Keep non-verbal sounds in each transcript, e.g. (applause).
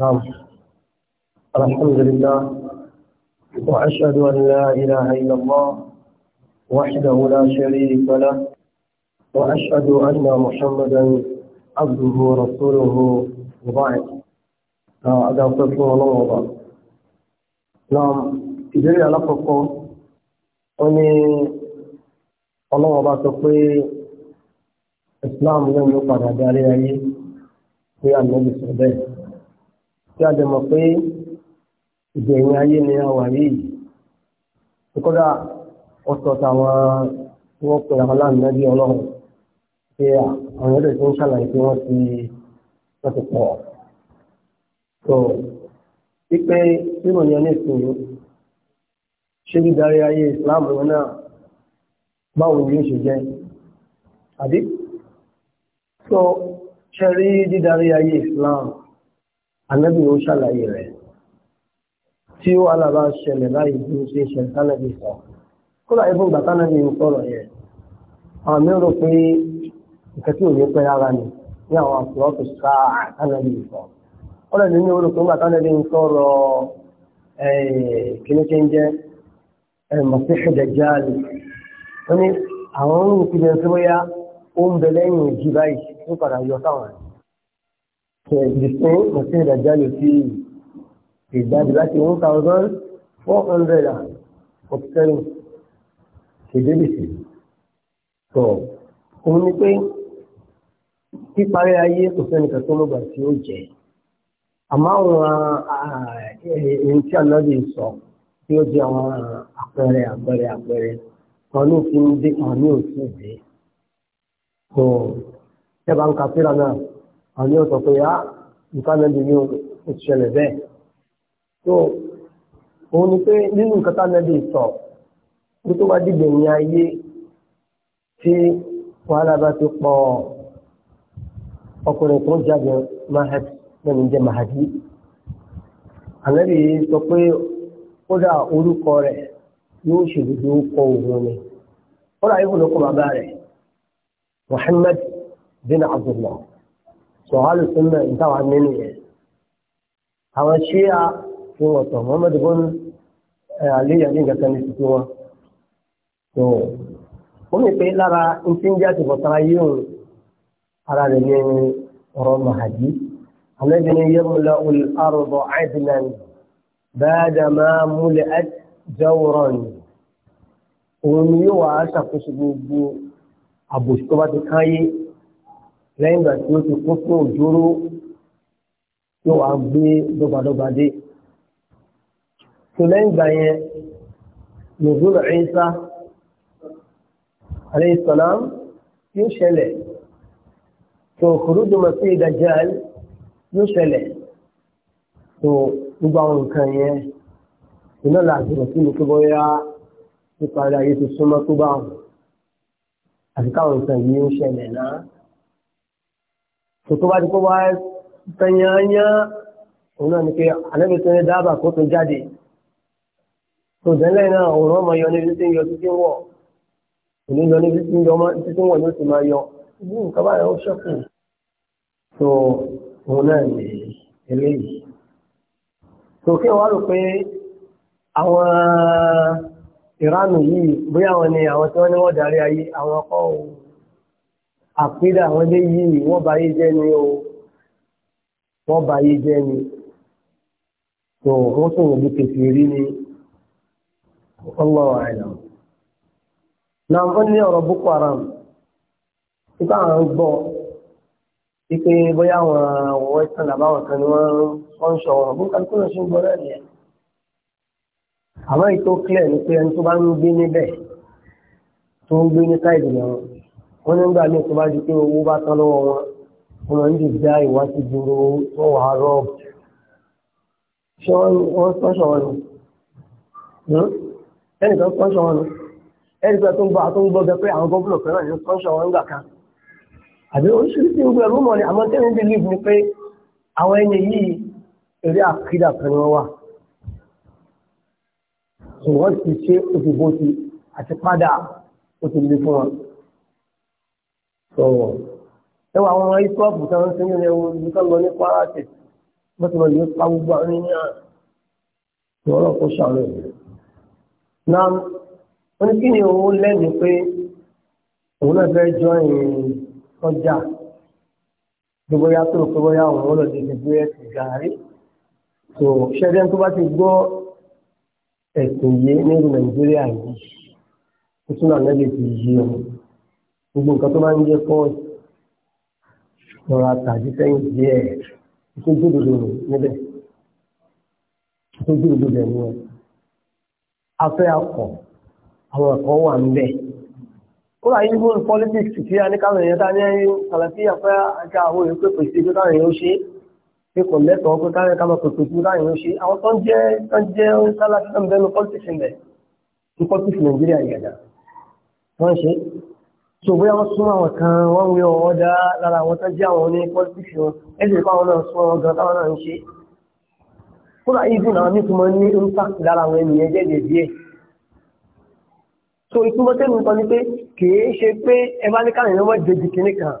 نعم الحمد لله وأشهد أن لا إله إلا الله وحده لا شريك له وأشهد أن محمدا عبده ورسوله وبعد آه، هذا صفه الله نعم ìbéèrè alákọ̀ọ́kọ́ ó الله ọlọ́wọ́ bá sọ pé islam lẹ́nu عليه darí ayé pé ànábì sọ tí a lè mọ̀ pé ìgbẹ̀yìn ayé ni a wà yìí kódà ọ̀sọ̀ táwọn tí wọ́n pè àwọn aláǹdá bí ọlọ́run pé àwọn ẹ̀rọ tó ń ṣàlàyé pé wọ́n ti wọ́n ti pọ̀ tó wípé nínú ìyẹn ní ìsinmi ṣé dídarí ayé ìsìláàmù wọn náà báwo ni yóò ṣe jẹ́ àbí tó ṣe rí dídarí ayé ìsìláàmù ànábì ó ṣàlàyé rẹ̀ tí ó alábà ṣẹlẹ̀ báyìí bí ó ṣe ṣẹlẹ̀ tánàbì sọ kódà ibùn gbà tánàbì ń sọ̀rọ̀ yẹn àwọn mi rò pé nǹkan tí ò ní pẹ́ rárá ni ní àwọn àkùrọ̀ tó sá tánàbì sọ ọ̀rọ̀ ìlú ní orúkọ nígbà tánàbì ń sọ̀rọ̀ kíní kéńjẹ́ mọ̀síṣẹ́ dẹ̀jáàlì wọ́n ní àwọn ń kí bóyá ó ń bẹ lẹ́yìn ìjì báyìí ó padà yọ sáwọn ìdìpín àti ìdàjálù sí ìgbàdì láti one thousand four hundred and forty seven ṣèdébìsì. tó òun ni pé píparí ayé kò sẹ́nìkan tó lọ́gbà tí ó jẹ́ àmọ́ àwọn èyí eh, tí ànábì sọ tí ó jẹ́ àwọn àpẹẹrẹ àpẹẹrẹ àpẹẹrẹ wọn ní òfin dé wọn ní òfin dé. tó ṣẹ́bà ń ka síra náà àwọn yóò sọ pé á ah, nǹkan nàbí ni ó bẹ́ẹ̀ tó òun ni pé nínú nǹkan tá nàbí sọ ní tó bá dìgbò ní ayé tí wàhálà bá ti pọ̀ ọkùnrin tó jáde mahad lẹ́nu jẹ́ mahadi ànábì sọ pé kódà orúkọ rẹ̀ yóò ṣèlúdú kọ òun ni kódà yóò lọ kọ bàbá rẹ̀ Muhammad bin Abdullah sọ̀hálù súnmọ̀ ní táwọn nínú yẹn àwọn ṣíà tí wọ́n sọ Muhammad bin eh, aliyu ní nǹkan ní títí wọn tó wọ́n mi pé lára ń ti ń jẹ́ àti bọ̀tara yìí òun ara rẹ̀ ní ọ̀rọ̀ mahadi alẹ́bí ni yẹ́múlá olùárọ̀bọ̀ àìdínlẹ̀ bẹ́ẹ̀dà máa múlẹ̀ jẹ́wọ́rọ̀ ni òun ni yóò wá ṣàkóso gbogbo àbòsí tó bá ti káyé lẹ́yìn ìgbà tí ó ti kún fún òjòrò tí wàá gbé dọ́gbadọ́gba dé. tó lẹ́yìn ìgbà yẹn nùdún Ìsá alayhi salam yóò ṣẹlẹ̀ tó khuruj masih dajjal yóò ṣẹlẹ̀ tó gbogbo àwọn nǹkan yẹn iná làásì sí mi tó bóyá nípa ayé ti súnmọ́ tó bá wọn àti káwọn nǹkan yìí ń ṣẹlẹ̀ náà tòtò bá ti kó wá tanyányán òun náà ni pé ànábì tó ní dábàá kó tó jáde tó dẹ́lẹ̀ náà òun ọmọ yọ níbi tí ń yọ títí wọ̀ òní yọ níbi tí ń yọ títí wọ̀ ló sì máa yọ bí nǹkan báyọ̀ ó ṣọ́kù tó òun náà ni eléyìí tó kí wọ́n rò pé àwọn ìránù yìí bóyá àwọn ni àwọn tí wọ́n ní wọ́n darí ayé àwọn ọkọ̀ òun àpídà àwọn eléyìí wọ́n bá yé jẹ́ ni o wọ́n bá yé jẹ́ ni tó wọ́n sọ̀rọ̀ bí kèfì rí ni ọlọ́wọ́ àìlà. náà wọ́n ní ọ̀rọ̀ boko haram nípa àwọn gbọ́ wípé bóyá àwọn western làbáwọn kan ni wọ́n ń sọ ọ̀rọ̀ bó kálukú náà ṣe ń gbọ́ náà nìyẹn. ètò clear ni pé ẹni tó bá ń gbé níbẹ̀ tó ń gbé ní káìdì náà wọ́n ní nígbà míì tó bá di pé owó bá tán lọ́wọ́ wọn wọ́n máa ń dì dá ìwádìí dúró wọ́n wà á rọ́ọ̀b ṣé wọ́n sọ́ṣọ̀ wọn nù ẹnìkan sọ́ṣọ̀ wọn nù ẹnìkan tó ń bá tó ń gbọ́ gẹ pé àwọn gómìnà kan náà ní sọ́ṣọ̀ wọn gbà kan àbí oríṣiríṣi ń gbé ẹrú mọ̀ ni àmọ́ tẹ́lẹ̀ ń bí líf ni pé àwọn ẹni yìí eré àkídà kan ni wọ́n wà ṣùgbọ́n ti ṣe òṣùgbọ́n ti àti padà ó ti lè fún wọn sọ̀rọ̀ ẹ wà àwọn ọmọ ìsọ́ọ̀bù tí wọ́n ń sinmi lẹ́wọ́ nìkan lọ ní kwara tẹ̀ wọ́n ti lọ lè pa gbogbo àwọn ènìyàn tí wọ́n lọ kó sàánú rẹ̀. na wọ́n ní kí ni òun lẹ́nu pé òun náà fẹ́ jọ ìrìn ọjà gbogbo ya tó pé bóyá òun lọ di gbogbo ẹ̀sìn gàárì tó ṣẹ́jẹ́ tó bá ti gbọ́ ẹ̀sìn yìí nílùú nàìjíríà yìí ó tún náà lẹ́yìn ti yí ọ̀hún gbogbo nǹkan tó máa ń jẹ́ pọ́ọ̀s lọ́ra tàbí sẹ́yìn díẹ̀ ìtọ́jú òdodo rẹ̀ níbẹ̀ ìtọ́jú òdodo rẹ̀ níbẹ̀ afẹ́ akọ̀ àwọn ẹ̀kọ́ wà níbẹ̀ ó rà yíyí fún politics tí a ní káwọn èèyàn tá ní ẹyìn kàlàfí afẹ́ ajá àwọn èèyàn pépè sí pé káwọn èèyàn ó ṣe pé kò lẹ́tọ̀ọ́ pé káwọn èèyàn pépè sí káwọn èèyàn ó ṣe àwọn tó ń jẹ́ tó ń jẹ́ sálà tó ń bẹnu ní politics tó bóyá wọ́n súnmọ́ àwọn kan wọ́n ń yọ ọ̀dá lára àwọn tán jẹ́ àwọn ní politics wọn ẹ̀sìn ìpá àwọn náà súnmọ́ wọn gan táwọn náà ń ṣe kódà even àwọn nítumọ̀ ní impact lára àwọn ènìyàn jẹ́jẹ́ díẹ̀ so ìtumọ̀ tẹ́lu nǹkan ni pé kìí ṣe pé ẹ bá ní káàrin lọ́wọ́ dèjì kìíní kan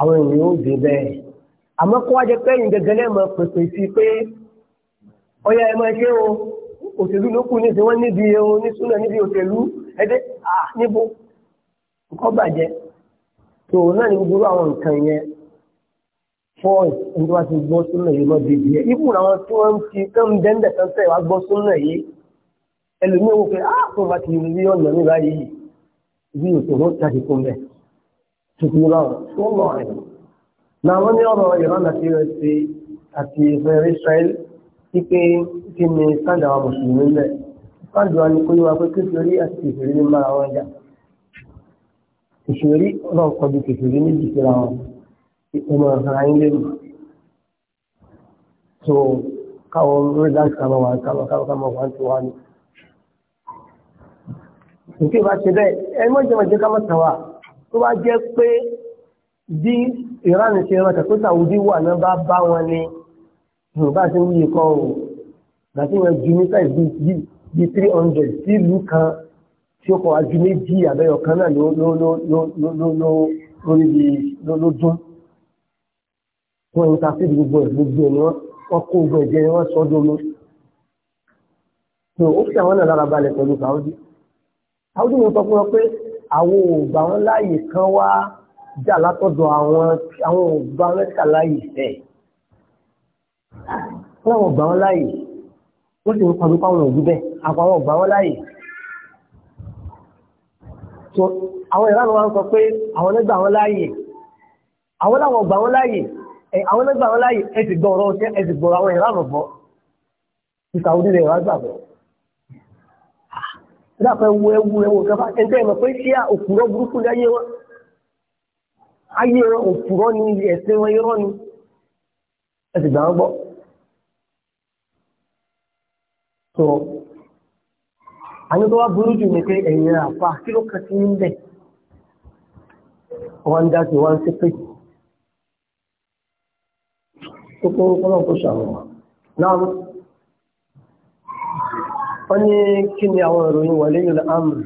àwọn ènìyàn ó dé bẹ́ẹ̀ àmọ́ kó wá pé ẹ̀yìn gẹ́gẹ́ lẹ́mọ̀ pèpè sí pé ọya ẹ máa o òṣèlú ló kù níbi wọ́n níbi ohun ní súnà níbi òṣèlú ẹdẹ níbo kọ́ bàjẹ́ tó náà ní gbogbo àwọn nǹkan yẹn fọ́ọ̀sì ní wọ́n ti gbọ́ súnà yìí lọ bèbí ẹ̀ ibù làwọn tí wọ́n ti kán bẹ́ńbẹ̀ kan sẹ́yìn wá gbọ́ súnà yìí ẹlòmíràn wò pé á ah, tó bá ti rí ọ̀nà mi báyìí bí òṣòro jáde fún bẹ́ẹ̀ tuntun náà tó lọ rẹ̀ làwọn ní ọ̀rọ̀ ìran àti rẹ̀ àti ìfẹ́ Israel wípé kí ni sáńdà wa mùsùlùmí bẹ́ẹ̀ sáńdà wa ni kó yẹ wa pé kékeré àti ìfẹ́ kìsìrí náà kọjú kìsìrí méjì síra wọn ìpinnu ọ̀sán ayé lẹ́nu so káwọn rẹ́dáǹtì kàmọ́ wà kámọ́ kámọ́ kámọ́ wà ń tó wá ní. nǹkan ìbá ṣe bẹ́ẹ̀ ẹ mọ́ ìjọba jẹ́ kámọ́ tàwa tó bá jẹ́ pé bí ìran ṣe rántà tó sàwùdí wà náà bá bá wọn ni yorùbá ṣe ń yí kọ́ ọ̀hún gbàtí wọn ju mítà bíi three hundred sílùú kan tí ó kọ ajú méjì àbẹ́yọ̀ kan náà lórí bí ló dún wọ́n ń ta sí gbogbo ẹ̀ gbogbo ẹ̀ ni wọ́n kó gbogbo ẹ̀jẹ̀ ni wọ́n sọ ọ́ domi tó ó fi àwọn náà lára balẹ̀ pẹ̀lú Saudi Saudi mo sọ fún wọn pé àwọn ò gbà wọn láàyè kan wá jà látọ̀dọ̀ àwọn àwọn ò gbà wọn lẹ́tà láàyè fẹ́ wọn ò gbà wọn láàyè wọ́n sì ń pariwo pé àwọn ò rí bẹ́ẹ̀ àpò àwọn ò gbà wọn láàyè so àwọn ìran wọn sọ pé àwọn ló gbà wọn láàyè àwọn làwọn gbà wọn láàyè àwọn ló gbà wọn láàyè ẹ sì gbọ́ ọ̀rọ̀ ọṣẹ ẹ sì gbọ́ àwọn ìran bọ ìta onílé ìran gbà bọ. ìdá ah, pẹ́ wo ewu ewu nǹkan bá ẹni tẹ́ ẹ mọ̀ pé ṣé òkúrọ́ burúkú ní ayé wọn ayé wọn òkúrọ́ ní ẹ̀sìn wọn irọ́ ni ẹ sì gbà wọn gbọ́. so àní tó wá burú jù ní pé ẹ̀yìn àpá kí ló kàn sí níbẹ̀ wọ́n dá sí wọ́n sí pé tó kó kọ́lọ̀ kó ṣàwọn náà wọ́n ní kí ni àwọn ìròyìn wọlé ìlú amr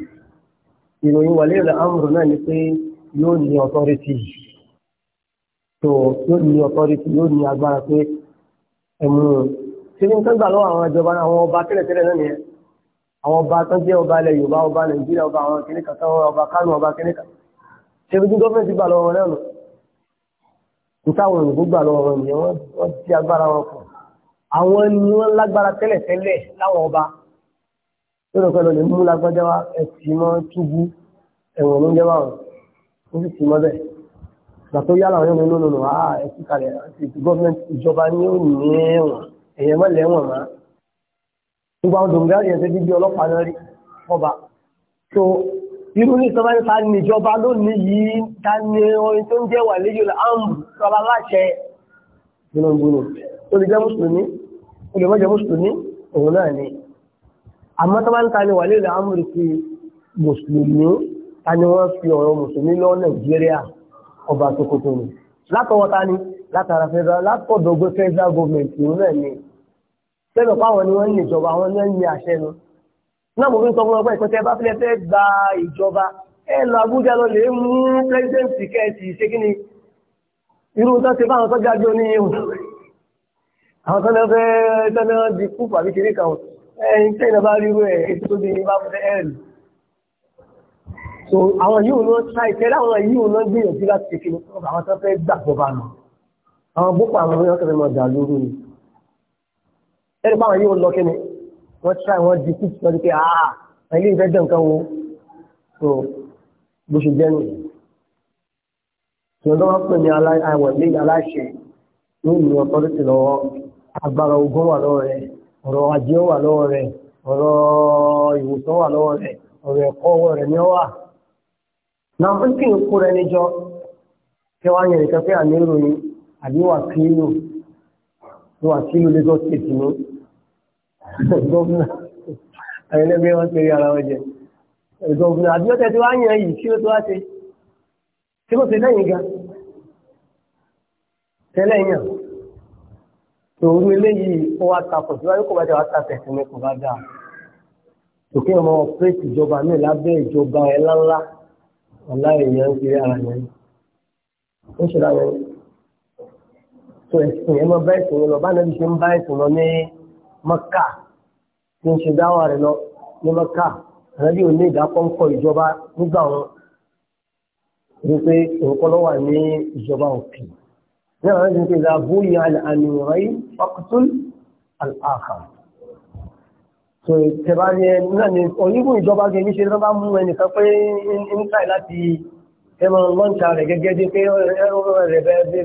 ìròyìn wọlé ìlú amr náà ni pé yóò ní authority tó yóò ní authority yóò ní agbára pé ẹ̀mú ṣe ní nǹkan gbà lọ́wọ́ àwọn ìjọba àwọn ọba tẹ́lẹ̀tẹ́lẹ̀ náà nìyẹn àwọn ọba tó jẹ́ ọba ilẹ̀ Yorùbá ọba Nàìjíríà ọba àwọn kìnìkan táwọn ọba Kánò ọba kìnìkan ṣe bí gọ́ọ̀mẹ̀ntì gbà lọ́wọ́ náà nù nítawọn òyìnbó gbà lọ́wọ́ wọn nìyẹn wọ́n ti agbára wọn kù àwọn ni wọ́n lágbára tẹ́lẹ̀tẹ́lẹ̀ láwọn ọba lọ́dọ̀ pẹ̀lú lè mú lágbájá wa ẹ̀sìn mọ́ túbú ẹ̀wọ̀n ló ń jẹ́wà wọn ó sì sì mọ́ bẹ́ẹ̀ gbà tó yálà wọn nínú nínú àá ẹ̀sìn kalẹ̀ àti gọ́ọ̀mẹ̀ntì ìjọba gbogbo àwọn dòmìnirì ẹ̀sẹ̀ bíbí ọlọ́pàá náà rí ọba so irú ní ìsọba nípa níjọba lónìí yìí ta ni orin tó ń jẹ́ wà lẹ́yìn ọ̀la àmù sọba láṣẹ gbóngbóngbò ó lè jẹ́ mùsùlùmí ó lè má jẹ́ mùsùlùmí òun náà ni àmọ́ tó bá ń ta ni wà lẹ́yìn ọ̀la àmù sí mùsùlùmí ta ni wọ́n fi ọ̀rọ̀ mùsùlùmí lọ Nàìjíríà ọba Sokoto ni látọwọ́ ta ni látara federal látọ̀dọ̀gbẹ́ federal government òun náà ni sẹ́nu fáwọn ni wọ́n ń níjọba àwọn ni wọ́n ń ní àṣẹ nu náà mo fi ń sọ fún ọgbẹ́ ìpínlẹ̀ bá fẹ́ fẹ́ gba ìjọba ẹ lọ Àbújá lọ lè mú pẹ́sidẹ́ǹtì kẹ́ẹ̀tì ṣé kí ni irú tó ṣe fáwọn sọ́jà jọ ní ihò àwọn tó lọ́fẹ́ tọ́lá di kú pàbí kiri kan ẹ̀yìn tẹ́ ìlọ́bá ríru ẹ̀ ètò tó di bá fẹ́ ẹ̀rù so àwọn yìí ló ṣá ìtẹ́ láwọn yìí ló gbìyànjú láti ṣe kí ẹni báwọn yóò lọ kíni wọ́n tíra wọ́n di six lọ́dún pé ah, àá ilé ìfẹ́ dẹ̀ nǹkan wo So bó ṣe jẹ́ nù. tòun tó wọ́n pè ní àwọn ilé aláṣẹ ní ìlú ọ̀tọ́rìtì lọ́wọ́ agbára ogun wà lọ́wọ́ rẹ̀ ọ̀rọ̀ ajé wà lọ́wọ́ rẹ̀ ọ̀rọ̀ ìwòsàn wà lọ́wọ́ rẹ̀ ọ̀rọ̀ ẹ̀kọ́ ọwọ́ rẹ̀ ni ó wà. náà ó kì í kó rẹ níjọ kí wọ́n á yẹn nìkan pé àmì ìròyìn àbí wà kílò wà kílò Lagos State ni gómìnà ẹlẹ́gbẹ́ wọn ṣe rí ara wọn jẹ gómìnà àbí ọ̀tẹ̀ tí wàá yàn yìí kí ló tó wá ṣe kí ló ṣe lẹ́yìn gan tẹ́lẹ̀ yàn tòun eléyìí ó wá takò síwájú kó bá jẹ́ wá takò ẹ̀sìn mi kò bá dáa òkè ọmọ ọ̀pẹ́ẹ̀tì ìjọba mi lábẹ́ ìjọba ẹ̀ lánlá ọ̀la èèyàn ń kiri ara yẹn ń ṣe ara yẹn tó ẹ̀sìn yẹn máa bá ẹ̀sìn lọ bá ní ṣe dáwà rẹ̀ lọ ní mọ́kà ànábì ò ní ìdákọ́ńkọ́ ìjọba nígbà wọn wípé nǹkan lọ́wọ́ ní ìjọba òkè ní àwọn ẹni tó ìlà bóyí àmìràn yìí ọkùtún àkà so tẹ̀bá ní ẹni náà ni onígun ìjọba gẹ̀ ní ṣe tó bá mú ẹnìkan pé ń káì láti ẹmọ lọ́ǹtà rẹ̀ gẹ́gẹ́ bí pé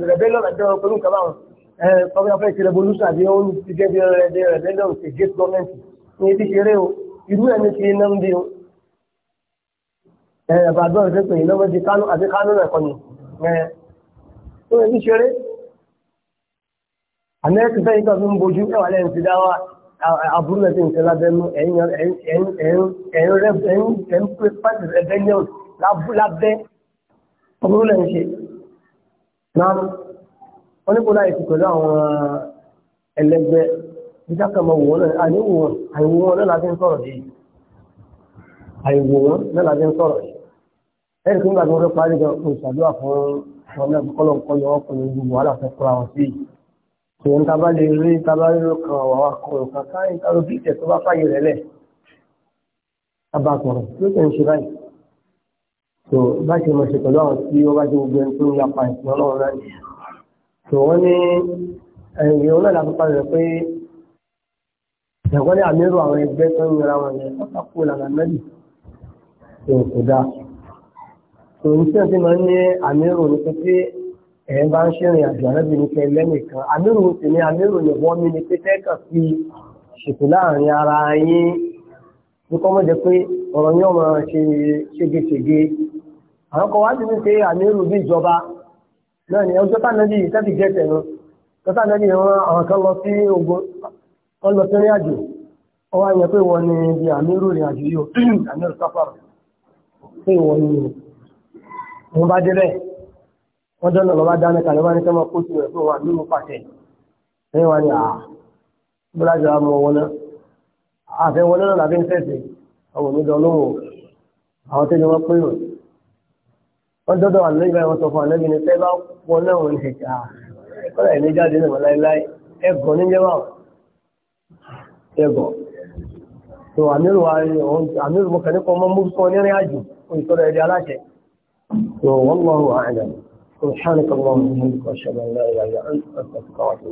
rebellion àti ọ̀rọ̀ pẹ̀lú ìkàbáwọn ẹ̀ẹ́dẹ́gbẹ̀rún fẹ́ ti revolution àti ó ń ti gẹ́gẹ́ bí rebellion ti gate government ní ibi ṣeré o irú ẹni ti iná ń bí o ẹ bàbá ọ̀sẹ̀ pé iná wọ́n ti kánú àti kánú rẹ̀ kọ́ni ẹ tó ibi ṣeré àmì ẹ̀ ti fẹ́ yíká fi ń bojú ẹ̀wà lẹ́yìn ti dá wa àbúrò ẹ̀ ti ń tẹ́lá bẹ́nu ẹ̀yìn pé pàṣẹ rebellion lábẹ́ ọmọdún lẹ́yìn ṣe náà wọ́n ní kó láyé ti pẹ̀lú àwọn ẹlẹ́gbẹ́ ìdákàmọ̀ wọ́n náà àníwò wọn àìwò wọn náà láti ń sọ̀rọ̀ yìí àìwò wọn náà láti ń sọ̀rọ̀ yìí ẹ̀rì tó ń gbàgbọ́ rẹ̀ parí gan òṣàdúrà fún ọmọ náà kọ́lọ̀ kọ́ yọ ọkùnrin gbogbo wàhálà fẹ́ kọ́ra wọn sí ìyẹn tá bá lè rí tá bá rírò kan wà wá kan òkà káyìn tá ló bí ìtẹ̀ tó bá fàyè rẹ̀ lẹ̀ abakọ̀rọ̀ tó tẹ̀ ń ṣe báyìí tó bá ṣe mọ̀ ṣe pẹ̀lú àwọn tí ó bá jẹ́ gbogbo ẹni tó ń yapa ìpín ọlọ́run náà tó wọ́n ní ẹ̀yìn òun náà lápapọ̀ rẹ̀ pé wọ́n ní àmírù àwọn ẹgbẹ́ tó ń ra wọn yẹn ọ̀tà kú lára mẹ́lì tó kò dá tòun tí wọ́n ti máa ń ní àmírù ní pé ẹ̀ ń bá ń ṣe ìrìn àjò àrẹ́bì ní kẹ́ lẹ́nìkan àmírù sì ní àmírù ní wọ́n mi ní pé kẹ́kàn fi ṣètò láàrin ara ọmọ ṣe ṣégeṣége àwọn kan wá ní pé àmírù bí ìjọba náà ni ọjọ́ tánàbí tẹ́bí jẹ́ tẹ̀nu tọ́tánàbí wọn àwọn kan lọ sí ogun wọ́n lọ sí rìn àjò wọ́n wá yẹ pé wọ́n ní ibi àmírù rìn àjò yìí àmírù (clears throat) sáfàr pé wọ́n ní wọ́n bá débẹ̀ wọ́n dọ́nà lọ́ba dáná kalẹ̀ wọ́n ní kí wọ́n kó tiwẹ̀ pé wọ́n àmírù pàṣẹ ẹ̀yìn wọ́n ní à bọ́lájà mọ̀ wọn náà àfẹ́ wọn náà làbí ń fẹ́sẹ̀ àwọn òmìnira olóhùn àwọn tẹ́lẹ̀ wọ́n pé wọ́n wọ́n dọ́dọ̀ àlọ́ ìgbà wọn sọ fún àlẹ́bí ni tẹ́ bá wọn náà wọn ní ìjà kọ́lá ìní jáde náà láéláé ẹ̀gbọ́n níjẹ́ wọ́n ẹ̀gọ̀ tó àmìrù àmìrù mọ̀kà nípa ọmọ mú sọ ní rìn àjò ìtọ́rọ ẹ̀dẹ̀ aláṣẹ tó wọ́n lọ́rùn àìdàn tó ṣáàlùkọ̀ lọ́rùn ní ọ̀ṣẹ̀lẹ̀